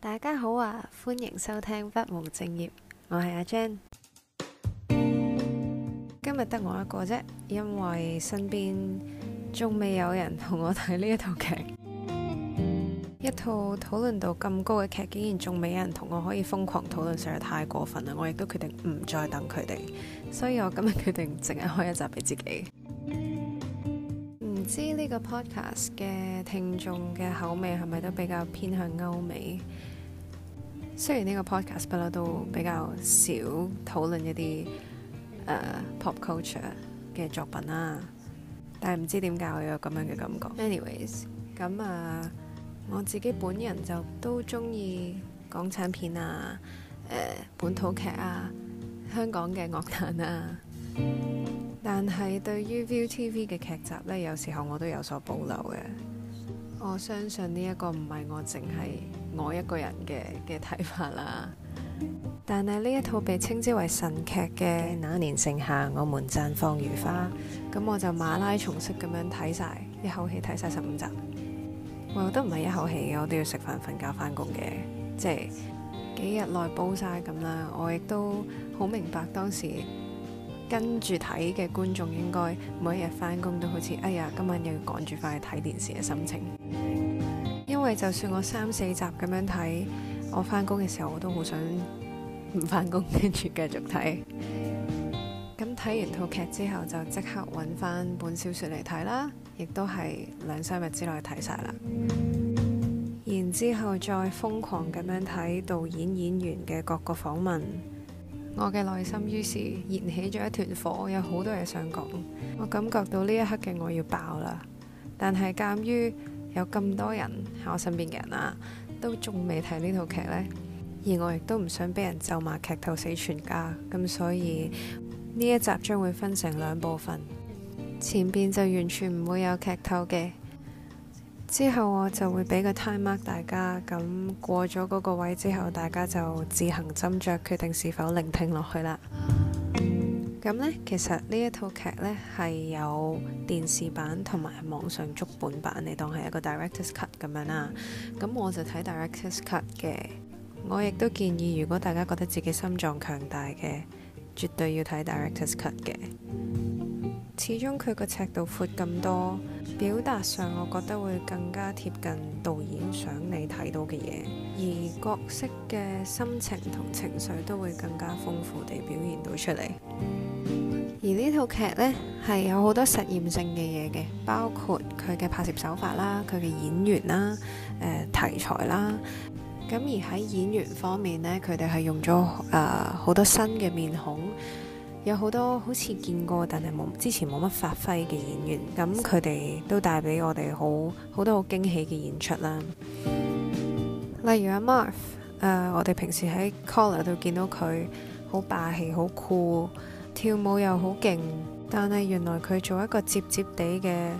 大家好啊，歡迎收聽不務正業，我係阿 Jan，今日得我一個啫，因為身邊仲未有人同我睇呢一套劇，一套討論到咁高嘅劇，竟然仲未有人同我可以瘋狂討論，實在太過分啦！我亦都決定唔再等佢哋，所以我今日決定淨係開一集俾自己。知呢個 podcast 嘅聽眾嘅口味係咪都比較偏向歐美？雖然呢個 podcast 不嬲都比較少討論一啲誒、uh, pop culture 嘅作品啦，但係唔知點解我有咁樣嘅感覺。Anyways，咁啊，uh, 我自己本人就都鍾意港產片啊、誒、uh, 本土劇啊、香港嘅樂壇啊。但係對於 ViuTV 嘅劇集呢，有時候我都有所保留嘅。我相信呢一個唔係我淨係我一個人嘅嘅睇法啦。但係呢一套被稱之為神劇嘅《那年盛夏，我們綻放如花》，咁我就馬拉松式咁樣睇晒，一口氣睇晒十五集。我都唔係一口氣嘅，我都要食飯、瞓覺、返工嘅，即係幾日內煲晒咁啦。我亦都好明白當時。跟住睇嘅觀眾應該每一日返工都好似哎呀，今晚又要趕住翻去睇電視嘅心情。因為就算我三四集咁樣睇，我返工嘅時候我都好想唔返工，跟住繼續睇。咁睇完套劇之後，就即刻揾翻本小説嚟睇啦，亦都係兩三日之內睇晒啦。然之後再瘋狂咁樣睇導演、演員嘅各個訪問。我嘅內心於是燃起咗一團火，有好多嘢想講，我感覺到呢一刻嘅我要爆啦！但係鑒於有咁多人喺我身邊嘅人啊，都仲未睇呢套劇呢，而我亦都唔想俾人咒罵劇透死全家，咁所以呢一集將會分成兩部分，前邊就完全唔會有劇透嘅。之後我就會俾個 time mark 大家，咁過咗嗰個位之後，大家就自行斟酌決定是否聆聽落去啦。咁 呢，其實呢一套劇呢，係有電視版同埋網上足本版，你當係一個 director's cut 咁樣啦。咁我就睇 director's cut 嘅，我亦都建議如果大家覺得自己心臟強大嘅，絕對要睇 director's cut 嘅。始終佢個尺度闊咁多，表達上我覺得會更加貼近導演想你睇到嘅嘢，而角色嘅心情同情緒都會更加豐富地表現到出嚟。而呢套劇呢，係有好多實驗性嘅嘢嘅，包括佢嘅拍攝手法啦、佢嘅演員啦、誒、呃、題材啦。咁而喺演員方面呢，佢哋係用咗誒好多新嘅面孔。有好多好似見過，但係冇之前冇乜發揮嘅演員，咁佢哋都帶俾我哋好好多好驚喜嘅演出啦。例如阿 Marth、uh, 我哋平時喺 Collar 度見到佢好霸氣、好酷，跳舞又好勁，但係原來佢做一個接接地嘅，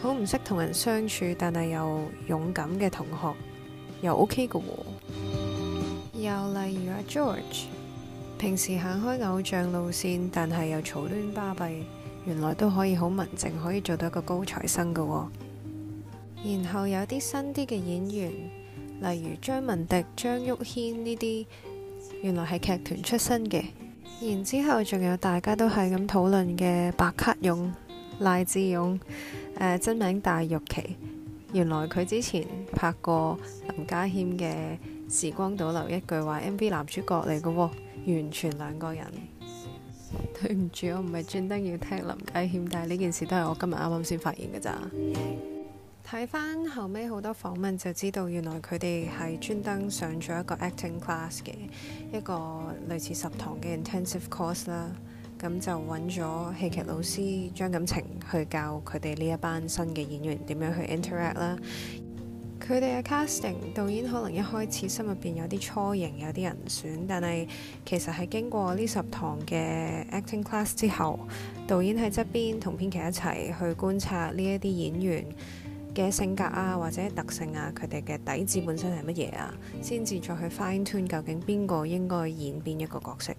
好唔識同人相處，但係又勇敢嘅同學，又 OK 嘅喎，哦。又例如阿 George。平時行開偶像路線，但係又嘈亂巴閉，原來都可以好文靜，可以做到一個高材生㗎喎。然後有啲新啲嘅演員，例如張文迪、張毓軒呢啲，原來係劇團出身嘅。然之後仲有大家都係咁討論嘅白克勇、賴智勇、呃，真名戴玉琪，原來佢之前拍過林家謙嘅《時光倒流一句話》M V 男主角嚟㗎喎。完全兩個人，對唔住，我唔係專登要聽林家謙，但係呢件事都係我今日啱啱先發現嘅咋。睇翻後尾好多訪問就知道，原來佢哋係專登上咗一個 acting class 嘅一個類似十堂嘅 intensive course 啦。咁就揾咗戲劇老師張錦晴去教佢哋呢一班新嘅演員點樣去 interact 啦。佢哋嘅 casting，導演可能一開始心入邊有啲雛形，有啲人選，但係其實係經過呢十堂嘅 acting class 之後，導演喺側邊同編劇一齊去觀察呢一啲演員嘅性格啊，或者特性啊，佢哋嘅底子本身係乜嘢啊，先至再去 fine tune 究竟邊個應該演邊一個角色。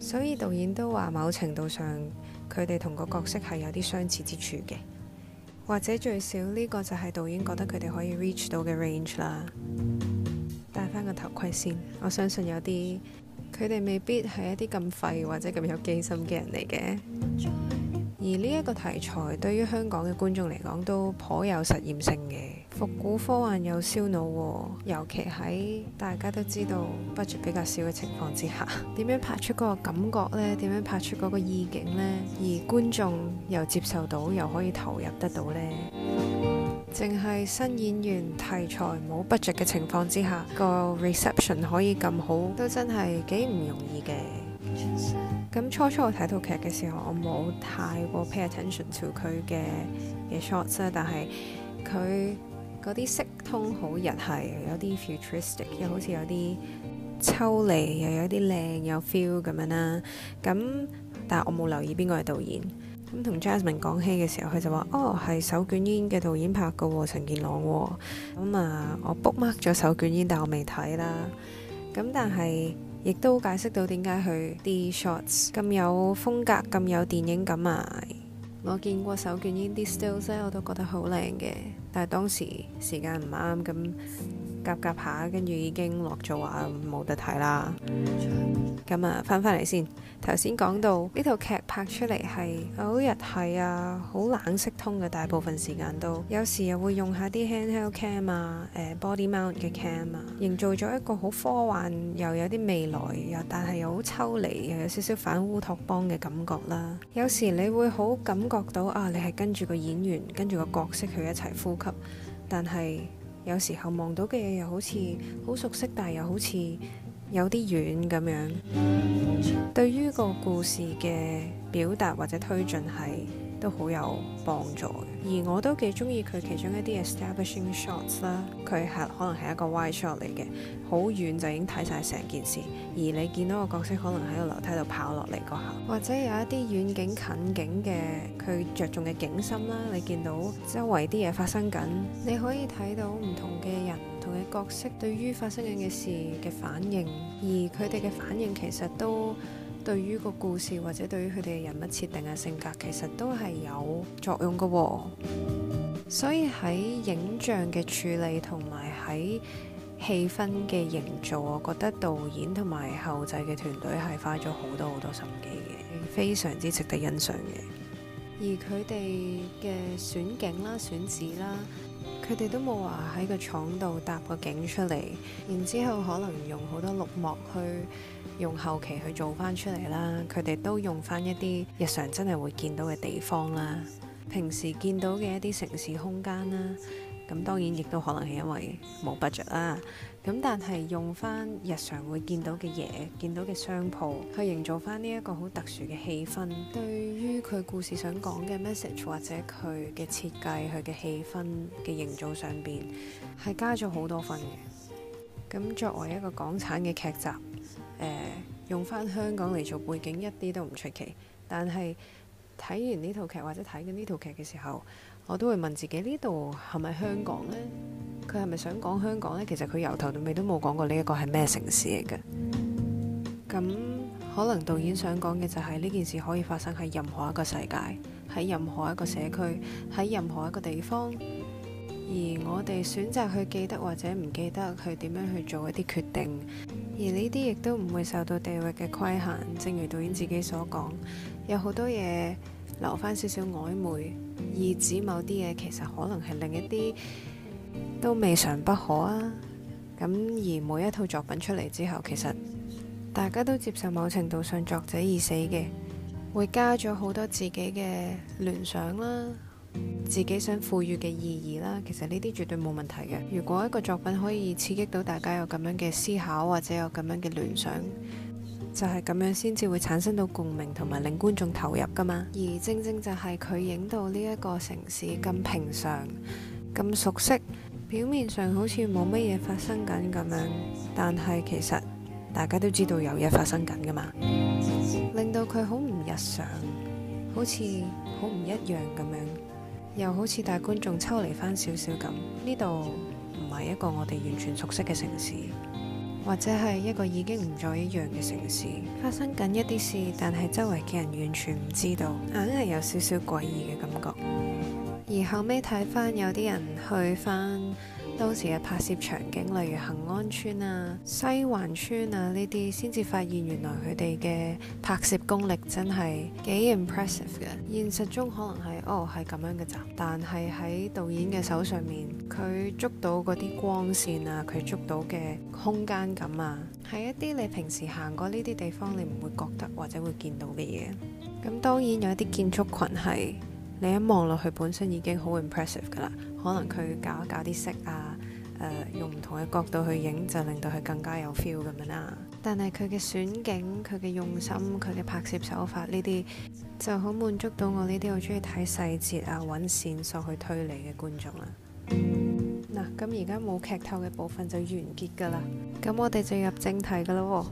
所以導演都話，某程度上佢哋同個角色係有啲相似之處嘅。或者最少呢個就係導演覺得佢哋可以 reach 到嘅 range 啦。戴翻個頭盔先，我相信有啲佢哋未必係一啲咁廢或者咁有機心嘅人嚟嘅。而呢一個題材對於香港嘅觀眾嚟講都頗有實驗性嘅。復古科幻又燒腦喎、哦，尤其喺大家都知道 budget 比較少嘅情況之下，點樣拍出嗰個感覺呢？點樣拍出嗰個意境呢？而觀眾又接受到，又可以投入得到呢？淨係 新演員題材冇 budget 嘅情況之下， 個 reception 可以咁好，都真係幾唔容易嘅。咁 初初我睇套劇嘅時候，我冇太過 pay attention to 佢嘅嘅 shots，但係佢。嗰啲色通好日系，有啲 futuristic，又好似有啲抽離，又有啲靚有 feel 咁樣啦。咁但我冇留意邊個係導演。咁同 Jasmine 講起嘅時候，佢就話：哦，係手捲煙嘅導演拍嘅喎，陳健朗喎、哦。咁啊，我 bookmark 咗手捲煙，但我未睇啦。咁但係亦都解釋到點解佢啲 shots 咁有風格、咁有電影感啊！我見過手捲煙啲 still 咧，我都覺得好靚嘅。但係，當時時間唔啱咁。夾夾下，跟住已經落咗畫，冇得睇啦。咁 啊，翻返嚟先。頭先講到呢套劇拍出嚟係好日系啊，好冷色通嘅大部分時間都有時又會用下啲 handheld cam 啊，誒、呃、body mount 嘅 cam 啊，營造咗一個好科幻又有啲未來又但係又好抽離又有少少反烏托邦嘅感覺啦。有時你會好感覺到啊，你係跟住個演員跟住個角色佢一齊呼吸，但係。有時候望到嘅嘢又好似好熟悉，但又好似有啲遠咁樣。對於個故事嘅表達或者推進係都好有幫助嘅，而我都幾中意佢其中一啲 establishing shots 啦，佢係可能係一個 wide shot 嚟嘅，好遠就已經睇晒成件事，而你見到個角色可能喺個樓梯度跑落嚟嗰下，或者有一啲遠景近景嘅，佢着重嘅景深啦，你見到周圍啲嘢發生緊，你可以睇到唔同嘅人唔同嘅角色對於發生緊嘅事嘅反應，而佢哋嘅反應其實都。對於個故事或者對於佢哋嘅人物設定啊，性格，其實都係有作用嘅喎、哦。所以喺影像嘅處理同埋喺氣氛嘅營造，我覺得導演同埋後製嘅團隊係花咗好多好多心機嘅，非常之值得欣賞嘅。而佢哋嘅選景啦、選址啦，佢哋都冇話喺個廠度搭個景出嚟，然之後可能用好多綠幕去。用後期去做翻出嚟啦，佢哋都用翻一啲日常真係會見到嘅地方啦。平時見到嘅一啲城市空間啦，咁當然亦都可能係因為冇 budget 啦。咁但係用翻日常會見到嘅嘢，見到嘅商鋪去營造翻呢一個好特殊嘅氣氛，對於佢故事想講嘅 message 或者佢嘅設計、佢嘅氣氛嘅營造上邊係加咗好多分嘅。咁作為一個港產嘅劇集，誒、呃、用返香港嚟做背景一啲都唔出奇，但係睇完呢套劇或者睇緊呢套劇嘅時候，我都會問自己：呢度係咪香港呢？佢係咪想講香港呢？其實佢由頭到尾都冇講過呢一個係咩城市嚟嘅。咁可能導演想講嘅就係、是、呢件事可以發生喺任何一個世界，喺任何一個社區，喺任何一個地方。而我哋選擇去記得或者唔記得佢點樣去做一啲決定，而呢啲亦都唔會受到地域嘅規限。正如導演自己所講，有好多嘢留返少少曖昧，意指某啲嘢其實可能係另一啲都未嘗不可啊。咁而每一套作品出嚟之後，其實大家都接受某程度上作者已死嘅，會加咗好多自己嘅聯想啦。自己想賦予嘅意義啦，其實呢啲絕對冇問題嘅。如果一個作品可以刺激到大家有咁樣嘅思考，或者有咁樣嘅聯想，就係咁樣先至會產生到共鳴，同埋令觀眾投入噶嘛。而正正就係佢影到呢一個城市咁平常、咁 熟悉，表面上好似冇乜嘢發生緊咁樣，但係其實大家都知道有嘢發生緊噶嘛，令到佢好唔日常，好似好唔一樣咁樣。又好似大觀眾抽離返少少咁，呢度唔係一個我哋完全熟悉嘅城市，或者係一個已經唔再一樣嘅城市，發生緊一啲事，但係周圍嘅人完全唔知道，硬係有少少詭異嘅感覺。而後尾睇返，有啲人去返到時嘅拍攝場景，例如恒安村啊、西環村啊呢啲，先至發現原來佢哋嘅拍攝功力真係幾 impressive 嘅。現實中可能係哦係咁樣嘅咋，但係喺導演嘅手上面，佢捉到嗰啲光線啊，佢捉到嘅空間感啊，係一啲你平時行過呢啲地方，你唔會覺得或者會見到嘅嘢。咁當然有一啲建築群係你一望落去本身已經好 impressive 噶啦，可能佢搞一搞啲色啊。用唔同嘅角度去影就令到佢更加有 feel 咁樣啦、啊。但係佢嘅選景、佢嘅 用心、佢嘅 拍攝手法呢啲，就好滿足到我呢啲好中意睇細節啊、揾線索去推理嘅觀眾啦。嗱，咁而家冇劇透嘅部分就完結噶啦。咁 我哋就入正題噶咯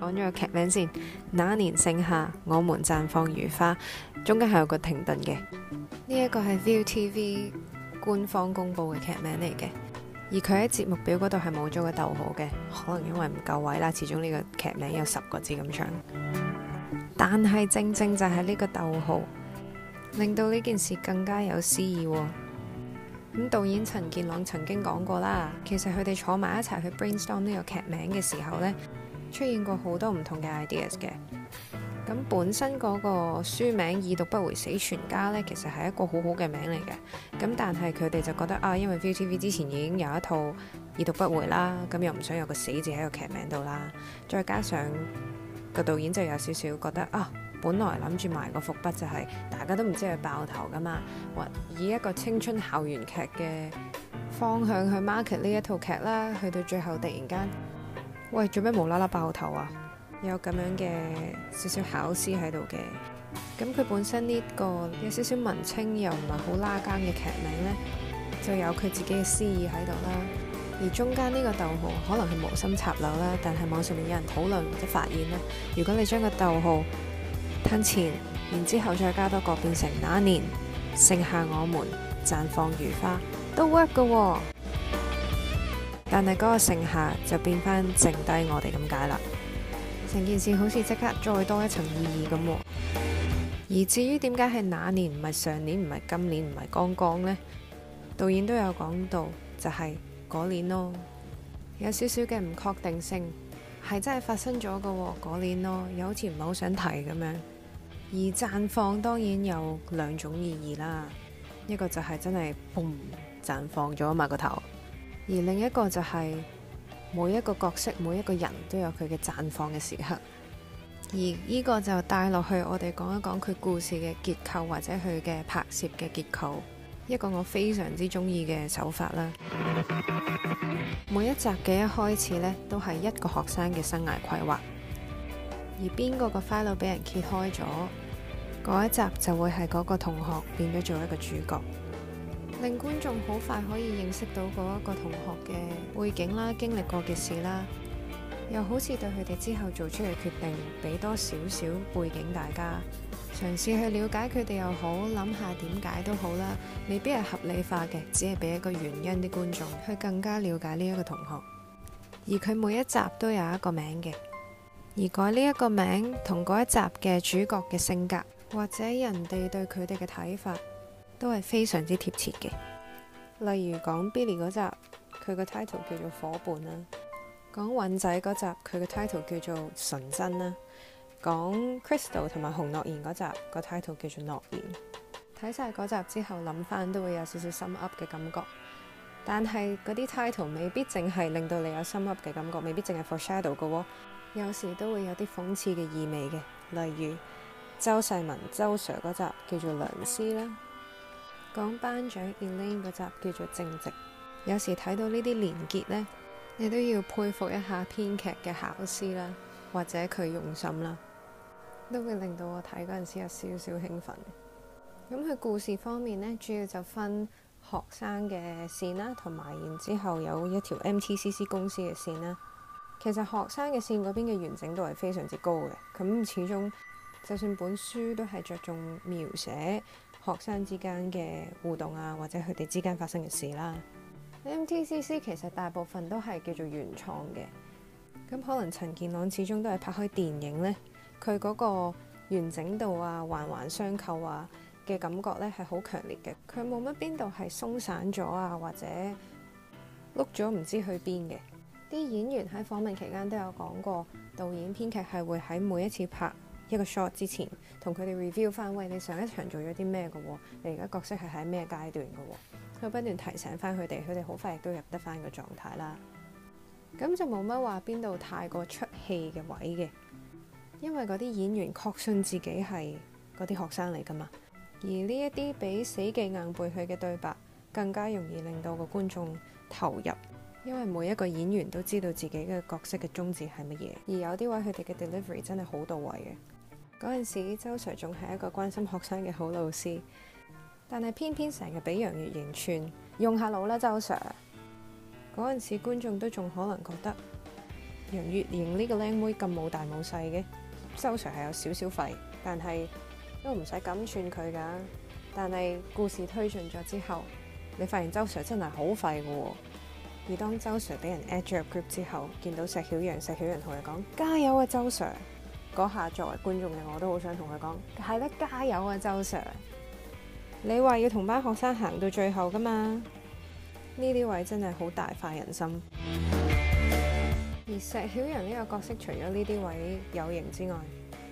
講咗個劇名先，《那年盛夏，我們綻放如花》，中間係有個停頓嘅。呢、這、一個係 ViuTV 官方公布嘅劇名嚟嘅，而佢喺節目表嗰度係冇咗個逗號嘅，可能因為唔夠位啦。始終呢個劇名有十個字咁長，但係正正就係呢個逗號，令到呢件事更加有詩意、哦。咁、嗯、導演陳健朗曾經講過啦，其實佢哋坐埋一齊去 brainstorm 呢個劇名嘅時候呢。出現過好多唔同嘅 ideas 嘅，咁本身嗰個書名《已讀不回死全家》呢，其實係一個好好嘅名嚟嘅。咁但係佢哋就覺得啊，因為 ViuTV 之前已經有一套《已讀不回》啦，咁又唔想有個死字喺個劇名度啦。再加上個導演就有少少覺得啊，本來諗住埋個伏筆就係、是、大家都唔知佢爆頭噶嘛，或以一個青春校園劇嘅方向去 market 呢一套劇啦，去到最後突然間。喂，做咩無啦啦爆頭啊？有咁樣嘅少少巧思喺度嘅，咁佢本身呢個有少少文青又唔係好拉更嘅劇名呢，就有佢自己嘅詩意喺度啦。而中間呢個逗號可能係無心插柳啦，但係網上面有人討論或者發現呢。如果你將個逗號吞前，然之後再加多個變成那年，剩下我們，綻放如花，都 work 噶喎，哦。但係嗰個剩下就變返剩低我哋咁解啦，成件事好似即刻再多一層意義咁。而至於點解係那年，唔係上年，唔係今年，唔係剛剛呢？導演都有講到，就係嗰年咯，有少少嘅唔確定性，係真係發生咗噶嗰年咯，又好似唔係好想提咁樣。而綻放當然有兩種意義啦，一個就係真係嘣綻放咗啊嘛個頭。而另一個就係、是、每一個角色、每一個人都有佢嘅綻放嘅時刻，而呢個就帶落去我哋講一講佢故事嘅結構，或者佢嘅拍攝嘅結構，一個我非常之中意嘅手法啦。每一集嘅一開始呢，都係一個學生嘅生涯規劃，而邊個個 file 俾人揭開咗，嗰一集就會係嗰個同學變咗做一個主角。令觀眾好快可以認識到嗰一個同學嘅背景啦，經歷過嘅事啦，又好似對佢哋之後做出嘅決定俾多少少背景，大家嘗試去了解佢哋又好，諗下點解都好啦。未必係合理化嘅，只係俾一個原因，啲觀眾去更加了解呢一個同學。而佢每一集都有一個名嘅，而改呢一個名同嗰一集嘅主角嘅性格或者人哋對佢哋嘅睇法。都係非常之貼切嘅。例如講 Billy 嗰集，佢個 title 叫做伙伴啦；講韻仔嗰集，佢個 title 叫做純真啦；講 Crystal 同埋洪諾言嗰集，個 title 叫做諾言。睇晒嗰集之後，諗翻都會有少少心噏嘅感覺。但係嗰啲 title 未必淨係令到你有心噏嘅感覺，未必淨係 foreshadow 嘅。有時都會有啲諷刺嘅意味嘅。例如周世文周 Sir 嗰集叫做良師啦。講班長 Eileen 嗰集叫做正直。有時睇到呢啲連結呢，你都要佩服一下編劇嘅巧思啦，或者佢用心啦，都會令到我睇嗰陣時有少少興奮。咁佢故事方面呢，主要就分學生嘅線啦，同埋然之後有一條 MTCC 公司嘅線啦。其實學生嘅線嗰邊嘅完整度係非常之高嘅，咁始終就算本書都係着重描寫。學生之間嘅互動啊，或者佢哋之間發生嘅事啦。MTCC 其實大部分都係叫做原創嘅。咁可能陳健朗始終都係拍開電影呢，佢嗰個完整度啊、環環相扣啊嘅感覺呢係好強烈嘅，佢冇乜邊度係鬆散咗啊，或者碌咗唔知去邊嘅。啲演員喺訪問期間都有講過，導演編劇係會喺每一次拍一個 shot 之前同佢哋 review 翻，喂，你上一場做咗啲咩㗎喎？你而家角色係喺咩階段㗎喎？佢不斷提醒翻佢哋，佢哋好快亦都入得翻個狀態啦。咁就冇乜話邊度太過出戲嘅位嘅，因為嗰啲演員確信自己係嗰啲學生嚟㗎嘛。而呢一啲比死記硬背佢嘅對白更加容易令到個觀眾投入，因為每一個演員都知道自己嘅角色嘅宗旨係乜嘢。而有啲位佢哋嘅 delivery 真係好到位嘅。嗰陣時，周 sir 仲係一個關心學生嘅好老師，但係偏偏成日俾楊月瑩串，用下腦啦，周 sir。嗰陣時，觀眾都仲可能覺得楊月瑩呢個靚妹咁冇大冇細嘅，周 sir 係有少少廢，但係都唔使咁串佢噶。但係故事推進咗之後，你發現周 sir 真係好廢嘅。而當周 sir 俾人 add 入 group 之後，見到石曉陽、石曉陽同佢講：加油啊，周 sir！嗰下作為觀眾嘅我都好想同佢講，係啦，加油啊，周 sir！你話要同班學生行到最後㗎嘛？呢啲位真係好大快人心。嗯、而石曉陽呢個角色除咗呢啲位有型之外，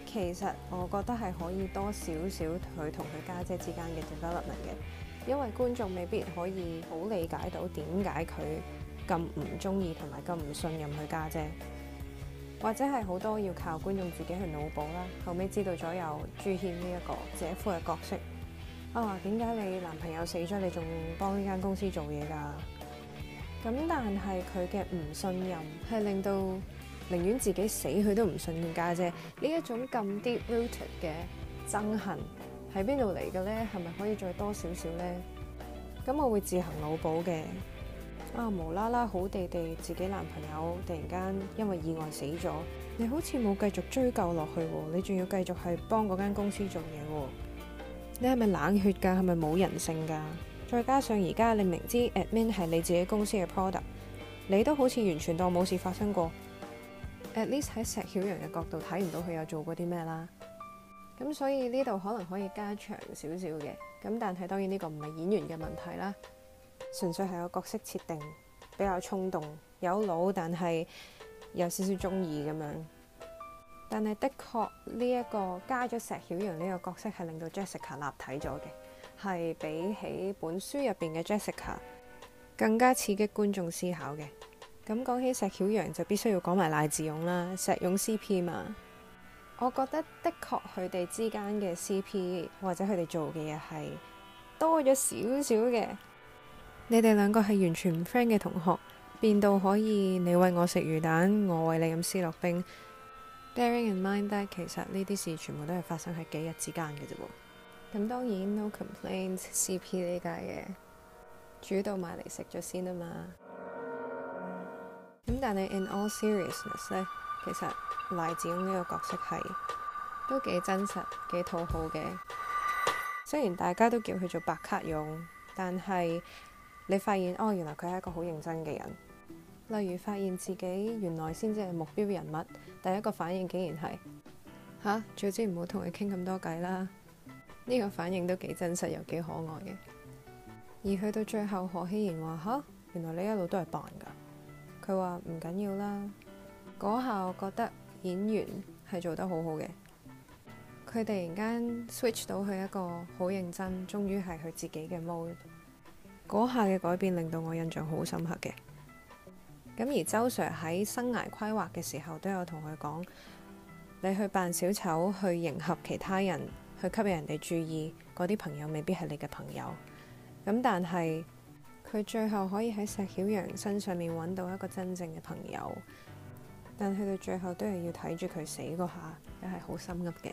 其實我覺得係可以多少少佢同佢家姐之間嘅 development 嘅，因為觀眾未必可以好理解到點解佢咁唔中意同埋咁唔信任佢家姐，姐。或者係好多要靠觀眾自己去腦補啦。後尾知道咗有朱軒呢一個姐夫嘅角色。啊，點解你男朋友死咗，你仲幫呢間公司做嘢㗎？咁但係佢嘅唔信任係令到寧願自己死，佢都唔信任家姐。呢一種咁 deep rooted 嘅憎恨喺邊度嚟嘅咧？係咪可以再多少少咧？咁我會自行腦補嘅。啊、哦！無啦啦好地地，自己男朋友突然間因為意外死咗，你好似冇繼續追究落去喎，你仲要繼續係幫嗰間公司做嘢喎，你係咪冷血噶？係咪冇人性噶？再加上而家你明知 admin 係你自己公司嘅 product，你都好似完全當冇事發生過。at least 喺石曉陽嘅角度睇唔到佢有做過啲咩啦，咁所以呢度可能可以加長少少嘅，咁但係當然呢個唔係演員嘅問題啦。純粹係個角色設定比較衝動，有腦，但係有少少中意咁樣。但係的確呢一個加咗石曉陽呢個角色係令到 Jessica 立體咗嘅，係比起本書入邊嘅 Jessica 更加刺激觀眾思考嘅。咁講起石曉陽就必須要講埋賴志勇啦，石勇 CP 嘛。我覺得的確佢哋之間嘅 CP 或者佢哋做嘅嘢係多咗少少嘅。你哋兩個係完全唔 friend 嘅同學，變到可以你餵我食魚蛋，我餵你飲思樂冰。Bearing in mind that 其實呢啲事全部都係發生喺幾日之間嘅啫。咁當然 no complaints CP 呢家嘢，煮到埋嚟食咗先啊嘛。咁 但係 in all seriousness 呢，其實賴子勇呢個角色係都幾真實，幾討好嘅。雖然大家都叫佢做白卡勇，但係。你發現哦，原來佢係一個好認真嘅人。例如發現自己原來先至係目標人物，第一個反應竟然係吓，早知唔好同佢傾咁多偈啦。呢、這個反應都幾真實又幾可愛嘅。而去到最後，何欣然話嚇，原來你一路都係扮㗎。佢話唔緊要啦。嗰下我覺得演員係做得好好嘅。佢突然間 switch 到佢一個好認真，終於係佢自己嘅 mode。嗰下嘅改變令到我印象好深刻嘅。咁而周 sir 喺生涯規劃嘅時候都有同佢講：你去扮小丑去迎合其他人，去吸引人哋注意，嗰啲朋友未必係你嘅朋友。咁但係佢最後可以喺石曉陽身上面揾到一個真正嘅朋友，但去到最後都係要睇住佢死嗰下，又係好深嘅。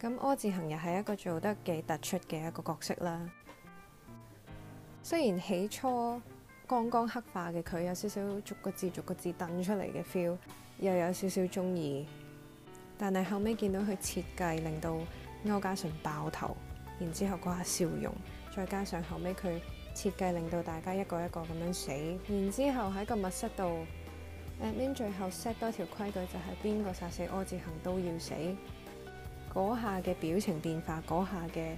咁柯志恒又係一個做得幾突出嘅一個角色啦。雖然起初剛剛黑化嘅佢有少少逐個字逐個字掟出嚟嘅 feel，又有少少中意，但係後尾見到佢設計令到歐嘉純爆頭，然之後嗰下笑容，再加上後尾佢設計令到大家一個一個咁樣死，然之後喺個密室度 admin 最後 set 多條規矩，就係邊個殺死柯智恒都要死，嗰下嘅表情變化，嗰下嘅。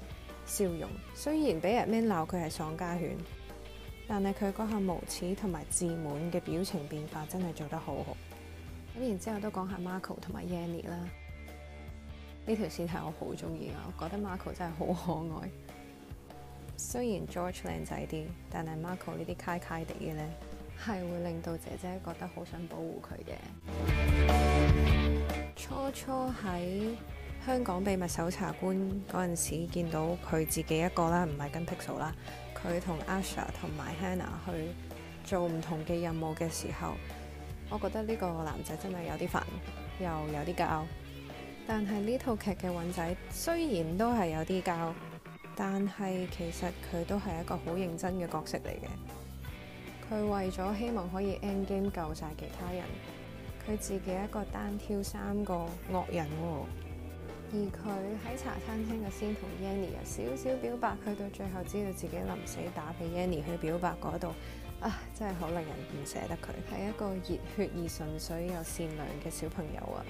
笑容，雖然俾入面鬧佢係喪家犬，但係佢嗰下無恥同埋自滿嘅表情變化真係做得好好。咁然之後都講下 Marco 同埋 Yanny 啦，呢條線係我好中意啊，我覺得 Marco 真係好可愛。雖然 George 靚仔啲，但係 Marco 呢啲揩揩地嘅咧，係會令到姐姐覺得好想保護佢嘅。初初喺香港秘密搜查官嗰陣時，見到佢自己一個啦，唔係跟 Pixel 啦，佢同 Asher 同埋 Hannah 去做唔同嘅任務嘅時候，我覺得呢個男仔真係有啲煩，又有啲膠。但係呢套劇嘅允仔雖然都係有啲膠，但係其實佢都係一個好認真嘅角色嚟嘅。佢為咗希望可以 end game 救晒其他人，佢自己一個單挑三個惡人喎、啊。而佢喺茶餐廳嘅先同 Yanny 有少少表白，佢到最後知道自己臨死打俾 Yanny 去表白嗰度，啊，真係好令人唔捨得佢，係一個熱血而純粹又善良嘅小朋友啊！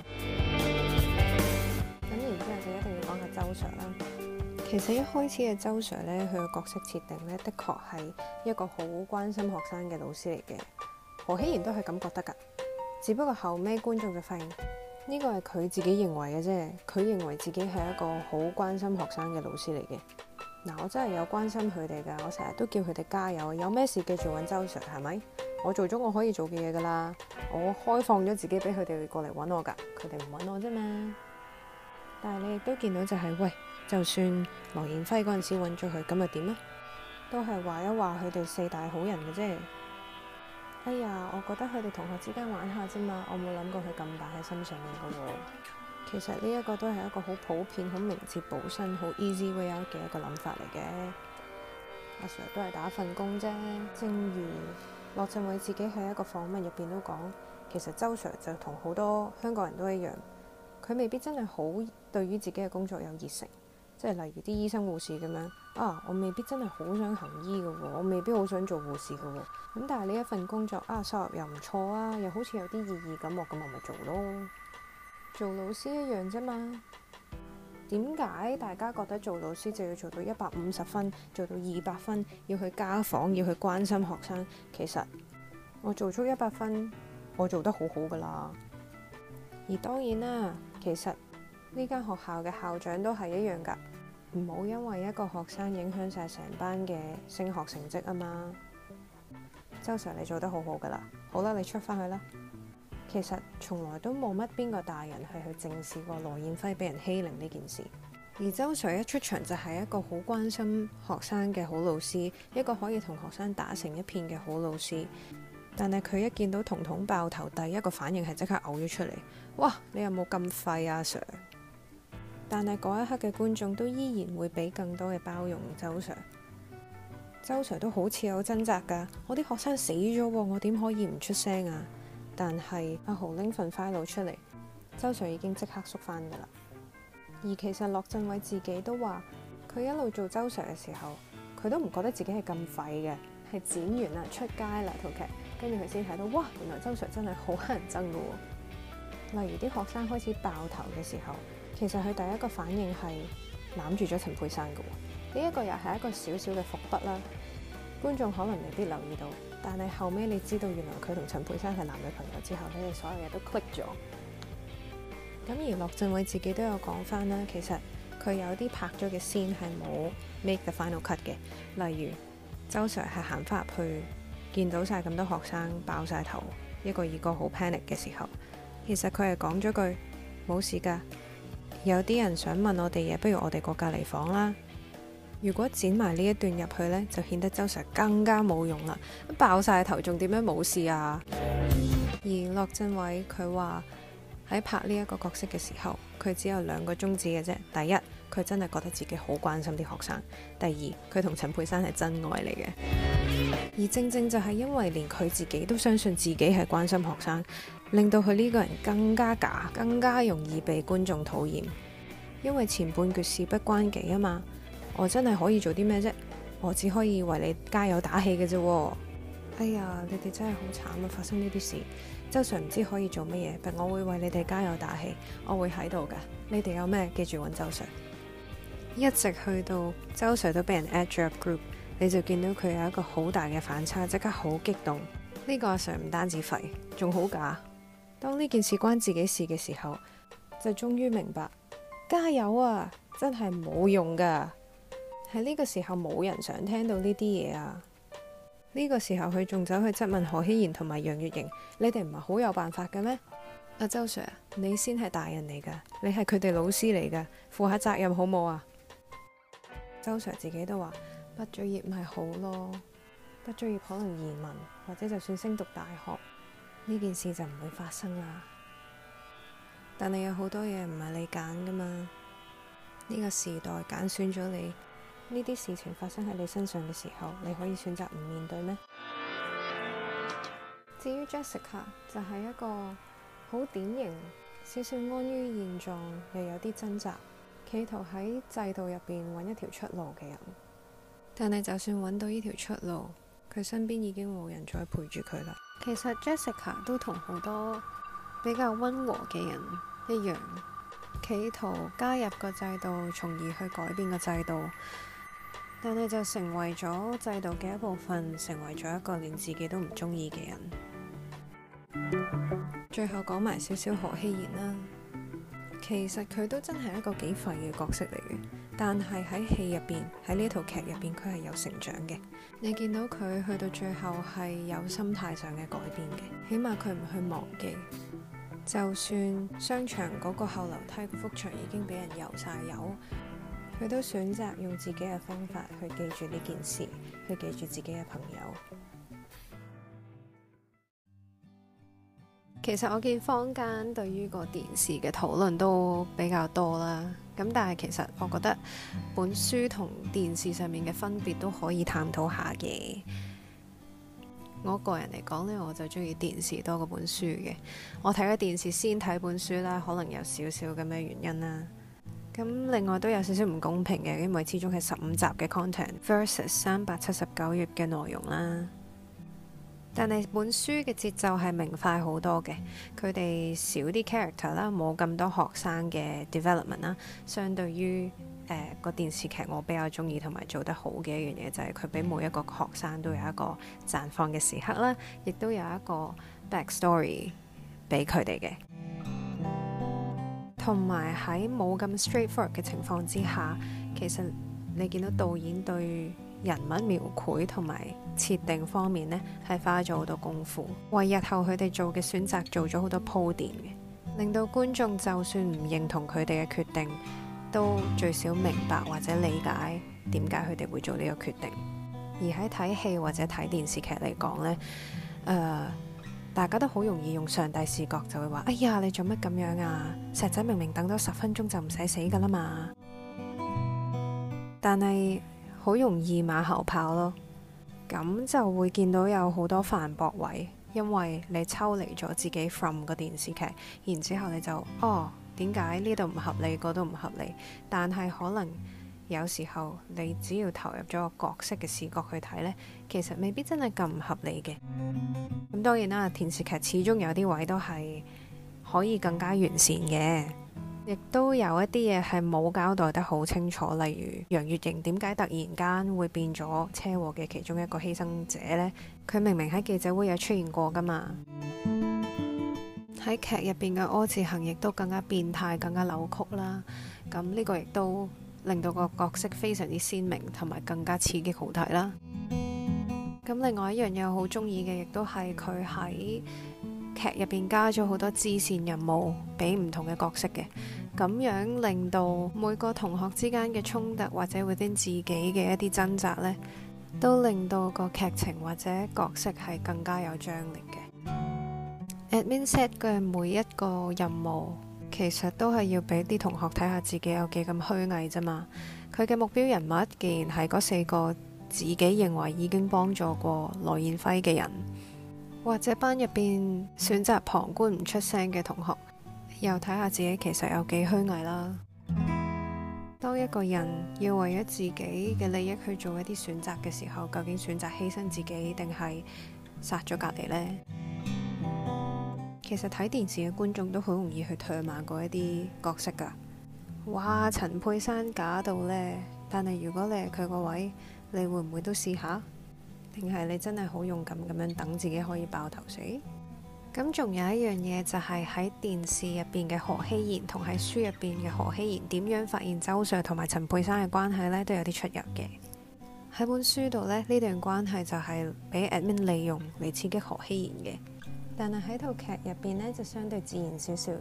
咁 然之後就一定要講下周 Sir 啦。 其實一開始嘅周 Sir 呢，佢嘅角色設定呢，的確係一個好關心學生嘅老師嚟嘅，何熙然都係咁覺得噶。只不過後尾觀眾就發現。呢個係佢自己認為嘅啫，佢認為自己係一個好關心學生嘅老師嚟嘅。嗱、啊，我真係有關心佢哋噶，我成日都叫佢哋加油，有咩事記住揾周 Sir 係咪？我做咗我可以做嘅嘢噶啦，我開放咗自己俾佢哋過嚟揾我噶，佢哋唔揾我啫嘛。但係你亦都見到就係、是，喂，就算羅延輝嗰陣時搵咗佢，咁又點啊？都係話一話佢哋四大好人嘅啫。哎呀，我覺得佢哋同學之間玩下啫嘛，我冇諗過佢咁大喺心上面㗎喎。其實呢一個都係一個好普遍、好明哲保身、好 easy way out 嘅一個諗法嚟嘅。阿 Sir 都係打份工啫。正如羅振偉自己喺一個訪問入邊都講，其實周 Sir 就同好多香港人都一樣，佢未必真係好對於自己嘅工作有熱誠，即係例如啲醫生、護士咁樣。啊！我未必真係好想行醫嘅喎、哦，我未必好想做護士嘅喎、哦。咁但係呢一份工作啊，收入又唔錯啊，又好似有啲意義咁我咁，咪做咯。做老師一樣啫嘛。點解大家覺得做老師就要做到一百五十分，做到二百分，要去家訪，要去關心學生？其實我做足一百分，我做得好好噶啦。而當然啦，其實呢間學校嘅校長都係一樣㗎。唔好因為一個學生影響晒成班嘅升學成績啊嘛，周 Sir，你做得好好噶啦，好啦，你出翻去啦。其實從來都冇乜邊個大人係去正視過羅燕輝俾人欺凌呢件事，而周 Sir 一出場就係一個好關心學生嘅好老師，一個可以同學生打成一片嘅好老師。但係佢一見到彤彤爆頭，第一個反應係即刻嘔咗出嚟。哇，你有冇咁廢啊 Sir？但係嗰一刻嘅觀眾都依然會俾更多嘅包容，周 Sir。周 Sir 都好似有掙扎噶，我啲學生死咗，我點可以唔出聲啊？但係阿、 啊、豪拎份快 i 出嚟，周 Sir 已經即刻縮返噶啦。而其實駱振偉自己都話，佢一路做周 Sir 嘅時候，佢都唔覺得自己係咁廢嘅，係剪完啦出街啦套劇，跟住佢先睇到哇，原來周 Sir 真係好乞人憎噶。例如啲學生開始爆頭嘅時候。其實佢第一個反應係攬住咗陳佩珊嘅喎，呢一個又係一個少少嘅伏筆啦。觀眾可能未必留意到，但係後尾你知道原來佢同陳佩珊係男女朋友之後，佢哋所有嘢都 click 咗。咁而駱振偉自己都有講翻啦，其實佢有啲拍咗嘅 scene 係冇 make the final cut 嘅，例如周 sir 係行翻入去見到晒咁多學生爆晒頭，一個二個好 panic 嘅時候，其實佢係講咗句冇事㗎。有啲人想問我哋嘢，不如我哋過隔離房啦。如果剪埋呢一段入去呢，就顯得周 Sir 更加冇用啦，爆晒頭仲點樣冇事啊？ 而駱振偉佢話喺拍呢一個角色嘅時候，佢只有兩個宗旨嘅啫。第一，佢真係覺得自己好關心啲學生；第二，佢同陳佩珊係真愛嚟嘅。 而正正就係因為連佢自己都相信自己係關心學生。令到佢呢個人更加假，更加容易被觀眾討厭，因為前半句事不關己啊嘛。我真係可以做啲咩啫？我只可以為你加油打氣嘅啫。哎呀，你哋真係好慘啊！發生呢啲事，周 Sir 唔知可以做乜嘢，但我會為你哋加油打氣，我會喺度噶。你哋有咩記住揾周 Sir，一直去到周 Sir 都被人 add 咗 group，你就見到佢有一個好大嘅反差，即刻好激動。呢個阿 Sir 唔單止廢，仲好假。當呢件事關自己事嘅時候，就終於明白，加油啊，真係冇用噶！喺呢個時候冇人想聽到呢啲嘢啊！呢、這個時候佢仲走去質問何熙賢同埋楊月瑩，你哋唔係好有辦法嘅咩？阿、啊、周 Sir，你先係大人嚟噶，你係佢哋老師嚟噶，負下責任好冇啊？周 Sir 自己都話，畢咗業咪好咯，畢咗業可能移民或者就算升讀大學，呢件事就唔會發生啦。但係有好多嘢唔係你揀噶嘛？呢個時代揀選咗你，呢啲事情發生喺你身上嘅時候，你可以選擇唔面對咩？至於 Jessica 就係一個好典型，少少安於現狀，又有啲掙扎，企圖喺制度入邊揾一條出路嘅人。但係就算揾到呢條出路，佢身邊已經冇人再陪住佢啦。其實 Jessica 都同好多比較温和嘅人一樣，企圖加入個制度，從而去改變個制度，但係就成為咗制度嘅一部分，成為咗一個連自己都唔中意嘅人。 最後講埋少少何熙賢啦。其實佢都真係一個幾廢嘅角色嚟嘅，但係喺戲入邊，喺呢套劇入邊，佢係有成長嘅。你見到佢去到最後係有心態上嘅改變嘅，起碼佢唔去忘記，就算商場嗰個後樓梯幅牆已經俾人油晒油，佢都選擇用自己嘅方法去記住呢件事，去記住自己嘅朋友。其實我見坊間對於個電視嘅討論都比較多啦，咁但係其實我覺得本書同電視上面嘅分別都可以探討下嘅。我個人嚟講呢，我就中意電視多過本書嘅。我睇咗電視先睇本書啦，可能有少少咁嘅原因啦。咁另外都有少少唔公平嘅，因為始終係十五集嘅 content versus 三百七十九頁嘅內容啦。但係本書嘅節奏係明快好多嘅，佢哋少啲 character 啦，冇咁多學生嘅 development 啦。相對於誒個、呃、電視劇，我比較中意同埋做得好嘅一樣嘢就係佢俾每一個學生都有一個綻放嘅時刻啦，亦都有一個 backstory 俾佢哋嘅。同埋喺冇咁 straightforward 嘅情況之下，其實你見到導演對人物描繪同埋設定方面呢，係花咗好多功夫，為日後佢哋做嘅選擇做咗好多鋪墊嘅，令到觀眾就算唔認同佢哋嘅決定，都最少明白或者理解點解佢哋會做呢個決定。而喺睇戲或者睇電視劇嚟講呢，誒、呃，大家都好容易用上帝視角就會話：哎呀，你做乜咁樣啊？石仔明明等咗十分鐘就唔使死噶啦嘛。但係。好容易馬後炮咯，咁就會見到有好多反駁位，因為你抽離咗自己 from 個電視劇，然之後你就哦，點解呢度唔合理，嗰度唔合理，但係可能有時候你只要投入咗個角色嘅視角去睇呢，其實未必真係咁唔合理嘅。咁、嗯、當然啦，電視劇始終有啲位都係可以更加完善嘅。亦都有一啲嘢係冇交代得好清楚，例如楊月瑩點解突然間會變咗車禍嘅其中一個犧牲者呢？佢明明喺記者會有出現過噶嘛。喺劇入邊嘅柯智恒亦都更加變態、更加扭曲啦。咁呢個亦都令到個角色非常之鮮明，同埋更加刺激、好睇啦。咁另外一樣嘢我好中意嘅，亦都係佢喺。劇入邊加咗好多支線任務俾唔同嘅角色嘅，咁樣令到每個同學之間嘅衝突或者 within 自己嘅一啲掙扎呢，都令到個劇情或者角色係更加有張力嘅。 Admin set 嘅每一個任務其實都係要俾啲同學睇下自己有幾咁虛偽咋嘛。佢嘅目標人物既然係嗰四個自己認為已經幫助過羅燕輝嘅人，或者班入面選擇旁觀唔出聲嘅同學，又睇下自己其實有幾虛偽啦。當一個人要為咗自己嘅利益去做一啲選擇嘅時候，究竟選擇犧牲自己定係殺咗隔籬呢？其實睇電視嘅觀眾都好容易去唾罵過一啲角色噶。哇，陳佩珊假到呢？但係如果你係佢個位，你會唔會都試下？定係你真係好勇敢咁樣等自己可以爆頭死？咁仲有一樣嘢就係喺電視入邊嘅何啟賢同喺書入邊嘅何啟賢點樣發現周 Sir 同埋陳佩珊嘅關係呢，都有啲出入嘅。喺本書度咧呢段關係就係俾 Admin 利用嚟刺激何啟賢嘅，但係喺套劇入邊呢就相對自然少少嘅。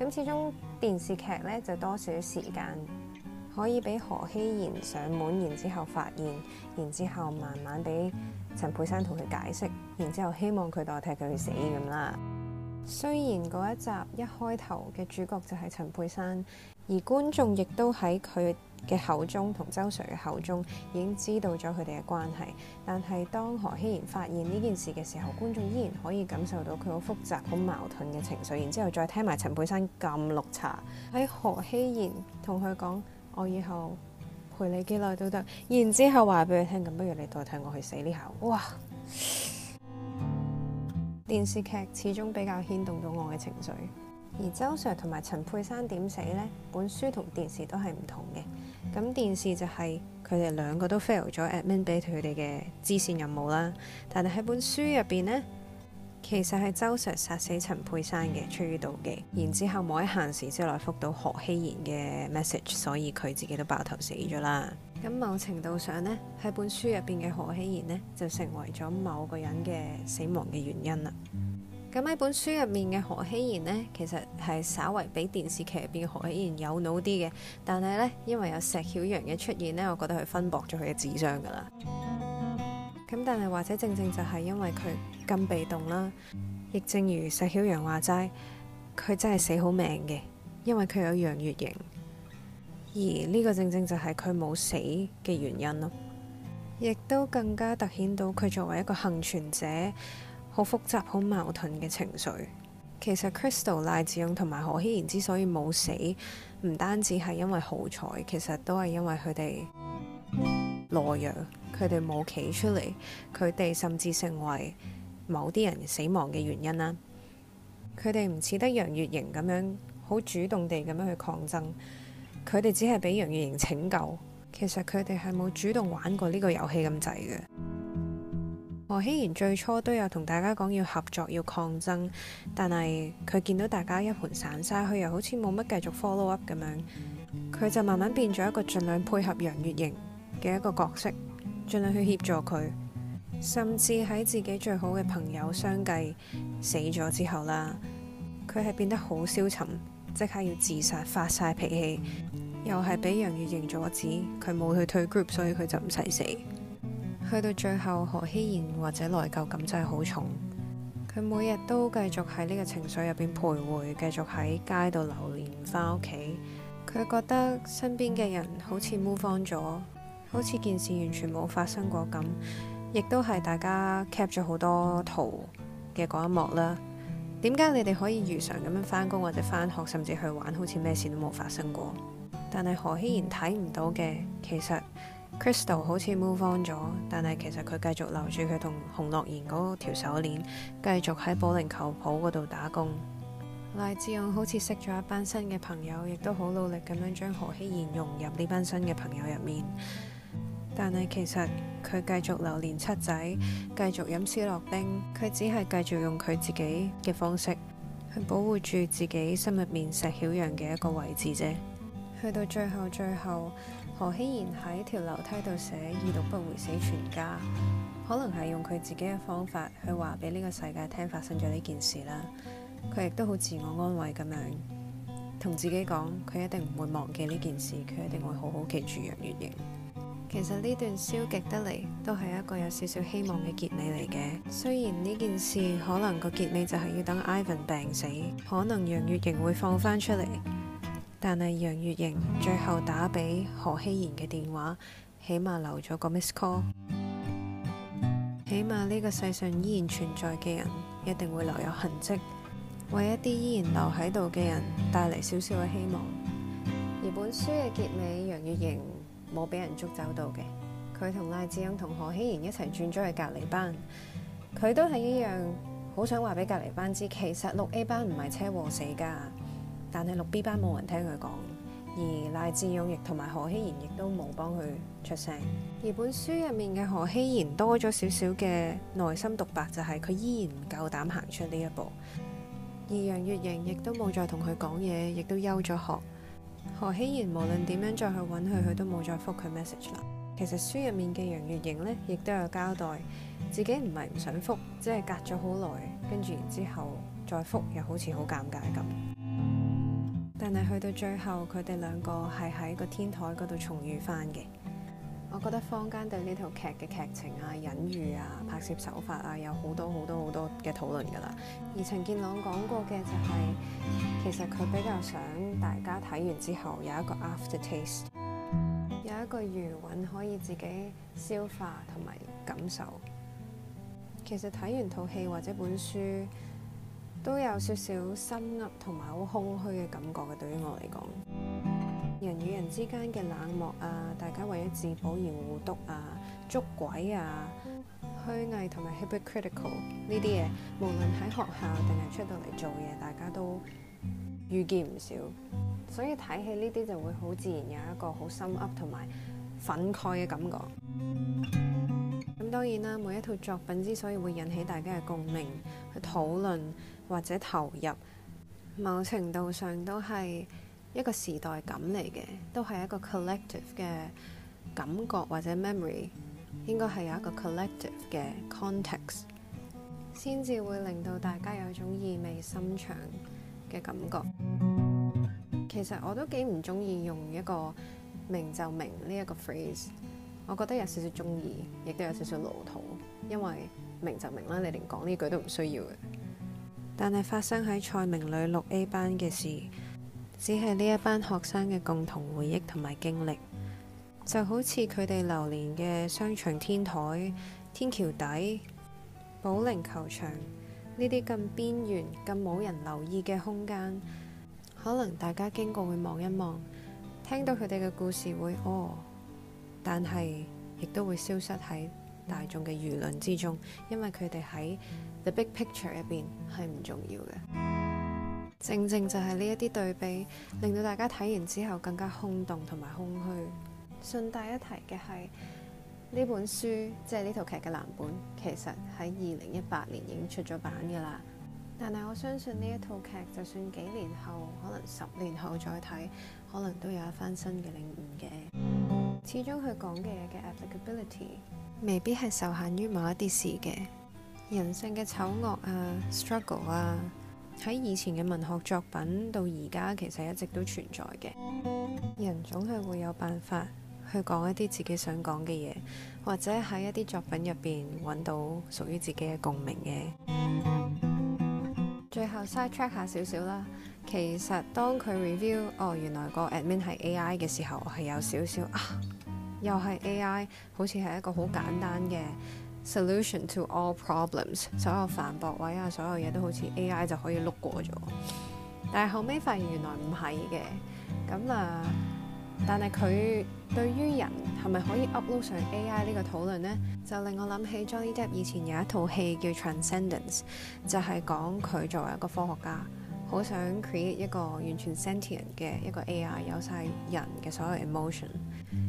咁始終電視劇呢就多少時間。可以俾何希言上門，然之後發現，然之後慢慢俾陳佩珊同佢解釋，然之後希望佢代替佢去死咁啦。雖然嗰一集一開頭嘅主角就係陳佩珊，而觀眾亦都喺佢嘅口中同周瑞嘅口中已經知道咗佢哋嘅關係，但係當何希言發現呢件事嘅時候，觀眾依然可以感受到佢好複雜、好矛盾嘅情緒。然之後再聽埋陳佩珊咁綠茶喺何希言同佢講。我以後陪你幾耐都得，然之後話俾佢聽，咁不如你代替我去死呢下？哇！ 電視劇始終比較牽動到我嘅情緒，而周 sir 同埋陳佩珊點死呢？本書同電視都係唔同嘅。咁電視就係佢哋兩個都 fail 咗 admin 俾佢哋嘅支線任務啦。但係喺本書入邊呢。其實係周 Sir 殺死陳佩珊嘅，出於妒忌。然之後冇喺限時之內覆到何希賢嘅 message，所以佢自己都爆頭死咗啦。咁、嗯、某程度上呢，喺本書入邊嘅何希賢呢，就成為咗某個人嘅死亡嘅原因啦。咁喺、嗯、本書入面嘅何希賢呢，其實係稍微比電視劇入邊嘅何希賢有腦啲嘅，但係呢，因為有石曉陽嘅出現呢，我覺得佢分薄咗佢嘅智商噶啦。咁但係或者正正就係因為佢咁被動啦，亦正如石曉陽話齋，佢真係死好命嘅，因為佢有楊月瑩，而呢個正正就係佢冇死嘅原因咯，亦都更加凸顯到佢作為一個倖存者，好複雜好矛盾嘅情緒。其實 Crystal 賴志勇同埋何熙然之所以冇死，唔單止係因為好彩，其實都係因為佢哋。懦弱，佢哋冇企出嚟，佢哋甚至成為某啲人死亡嘅原因啦。佢哋唔似得楊月瑩咁樣好主動地咁樣去抗爭，佢哋只係俾楊月瑩拯救。其實佢哋係冇主動玩過呢個遊戲咁滯嘅。何熙 然最初都有同大家講要合作、要抗爭，但係佢見到大家一盤散沙，佢又好似冇乜繼續 follow up 咁樣，佢就慢慢變咗一個盡量配合楊月瑩。嘅一個角色，盡量去協助佢，甚至喺自己最好嘅朋友相繼死咗之後啦。佢係變得好消沉，即刻要自殺，發晒脾氣，又係俾楊玉瑩阻止。佢冇去退 group，所以佢就唔使死。去到最後，何希言或者內疚感真係好重。佢每日都繼續喺呢個情緒入邊徘徊，繼續喺街度流連，唔返屋企。佢覺得身邊嘅人好似 move on 咗。好似件事完全冇發生過咁，亦都係大家 c a p 咗好多圖嘅嗰一幕啦。點解你哋可以如常咁樣返工或者返學，甚至去玩，好似咩事都冇發生過？但係何希然睇唔到嘅，其實 Crystal 好似 move 方咗，但係其實佢繼續留住佢同洪洛言嗰條手鏈，繼續喺保齡球鋪嗰度打工。賴志勇好似識咗一班新嘅朋友，亦都好努力咁樣將何希然融入呢班新嘅朋友入面。但係其實佢繼續留連七仔，繼續飲思樂冰，佢只係繼續用佢自己嘅方式去保護住自己心入面，石曉陽嘅一個位置啫。去到最後最後，何啟賢喺條樓梯度寫已讀不回死全家，可能係用佢自己嘅方法去話俾呢個世界聽發生咗呢件事啦。佢亦都好自我安慰咁樣同自己講，佢一定唔會忘記呢件事，佢一定會好好記住楊月瑩。其實呢段消極得嚟，都係一個有少少希望嘅結尾嚟嘅。雖然呢件事可能個結尾就係要等 Ivan 病死，可能楊月瑩會放返出嚟，但係楊月瑩最後打俾何希賢嘅電話，起碼留咗個 miss call。起碼呢個世上依然存在嘅人，一定會留有痕迹，為一啲依然留喺度嘅人帶嚟少少嘅希望。而本書嘅結尾，楊月瑩。冇俾人捉走到嘅，佢同賴志勇同何熙賢一齊轉咗去隔離班。佢都係一樣，好想話俾隔離班知，其實六 A 班唔係車禍死噶，但係六 B 班冇人聽佢講，而賴志勇亦同埋何熙賢亦都冇幫佢出聲。而本書入面嘅何熙賢多咗少少嘅內心獨白，就係佢依然唔夠膽行出呢一步。而楊月瑩亦都冇再同佢講嘢，亦都休咗學。何啟賢無論點樣再去揾佢，佢都冇再覆佢 message 啦。其實書入面嘅楊月瑩呢，亦都有交代自己唔係唔想覆，即係隔咗好耐，跟住然之後再覆又好似好尷尬咁。但係去到最後，佢哋兩個係喺個天台嗰度重遇翻嘅。我覺得坊間對呢套劇嘅劇情啊、隱喻啊、拍攝手法啊，有好多好多好多嘅討論㗎啦。而陳健朗講過嘅就係，其實佢比較想大家睇完之後有一個 aftertaste，有一個餘韻可以自己消化同埋感受。其實睇完套戲或者本書，都有少少心噏同埋好空虛嘅感覺嘅，對於我嚟講。人與人之間嘅冷漠啊，大家為咗自保而互督啊、捉鬼啊、虛偽同埋 hypocritical 呢啲嘢，無論喺學校定係出到嚟做嘢，大家都遇見唔少，所以睇起呢啲就會好自然有一個好心噏同埋憤慨嘅感覺。咁當然啦，每一套作品之所以會引起大家嘅共鳴、去討論或者投入，某程度上都係一個時代感嚟嘅，都係一個 collective 嘅感覺或者 memory，應該係有一個 collective 嘅 context，先至會令到大家有一種意味深長嘅感覺。 其實我都幾唔中意用一個明就明呢一個 phrase，我覺得有少少中意，亦都有少少老土，因為明就明啦，你連講呢句都唔需要嘅。但係發生喺蔡明女六 A 班嘅事。只係呢一班學生嘅共同回憶同埋經歷，就好似佢哋流連嘅商場天台、天橋底、保齡球場呢啲咁邊緣、咁冇人留意嘅空間，可能大家經過會望一望，聽到佢哋嘅故事會哦，但係亦都會消失喺大眾嘅輿論之中，因為佢哋喺 the big picture 入邊係唔重要嘅。正正就係呢一啲對比，令到大家睇完之後更加空洞同埋空虛。順帶一提嘅係呢本書，即係呢套劇嘅藍本，其實喺二零一八年已經出咗版噶啦。但係我相信呢一套劇，就算幾年後，可能十年後再睇，可能都有一番新嘅領悟嘅。始終佢講嘅嘢嘅 applicability，未必係受限於某一啲事嘅人性嘅醜惡啊，struggle 啊。喺以前嘅文學作品到而家，其實一直都存在嘅。人總係會有辦法去講一啲自己想講嘅嘢，或者喺一啲作品入邊揾到屬於自己嘅共鳴嘅。 最後 side track 下少少啦。其實當佢 review 哦，原來個 admin 係 AI 嘅時候，我係有少少啊，又係 AI，好似係一個好簡單嘅。solution to all problems，所有反駁位啊，所有嘢都好似 AI 就可以碌過咗，但係後尾發現原來唔係嘅，咁啊，但係佢對於人係咪可以 upload 上 AI 呢個討論呢？就令我諗起 Johnny Depp 以前有一套戲叫《Transcendence》，就係講佢作為一個科學家，好想 create 一個完全 sentient 嘅一個 AI，有晒人嘅所有 emotion。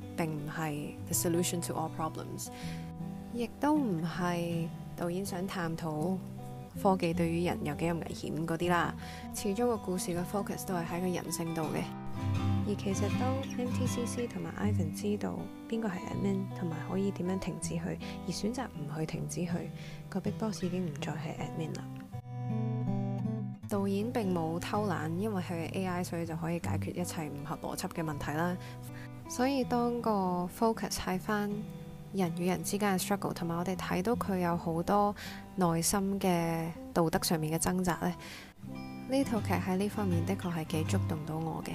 並唔係 the solution to all problems，亦都唔係導演想探討科技對於人有幾咁危險嗰啲啦。始終個故事嘅 focus 都係喺個人性度嘅。而其實都 MTCC 同埋 Ivan 知道邊個係 admin，同埋可以點樣停止佢，而選擇唔去停止佢。個 Big Boss 已經唔再係 admin 啦。導演並冇偷懶，因為佢係 AI，所以就可以解決一切唔合邏輯嘅問題啦。所以當個 focus 喺翻人與人之間嘅 struggle，同埋我哋睇到佢有好多內心嘅道德上面嘅掙扎呢。呢套劇喺呢方面的確係幾觸動到我嘅。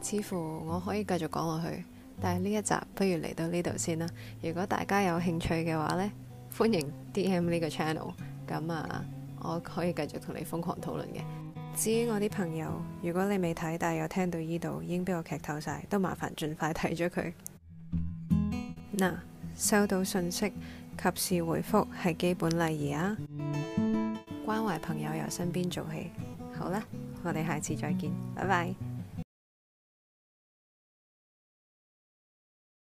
似乎我可以繼續講落去，但係呢一集不如嚟到呢度先啦。如果大家有興趣嘅話呢，歡迎 DM 呢個 channel，咁啊，我可以繼續同你瘋狂討論嘅。至於我啲朋友，如果你未睇，但係又聽到依度，已經俾我劇透晒，都麻煩盡快睇咗佢。嗱，收到信息，及時回覆係基本禮儀啊！關懷朋友由身邊做起。好啦，我哋下次再見，拜拜。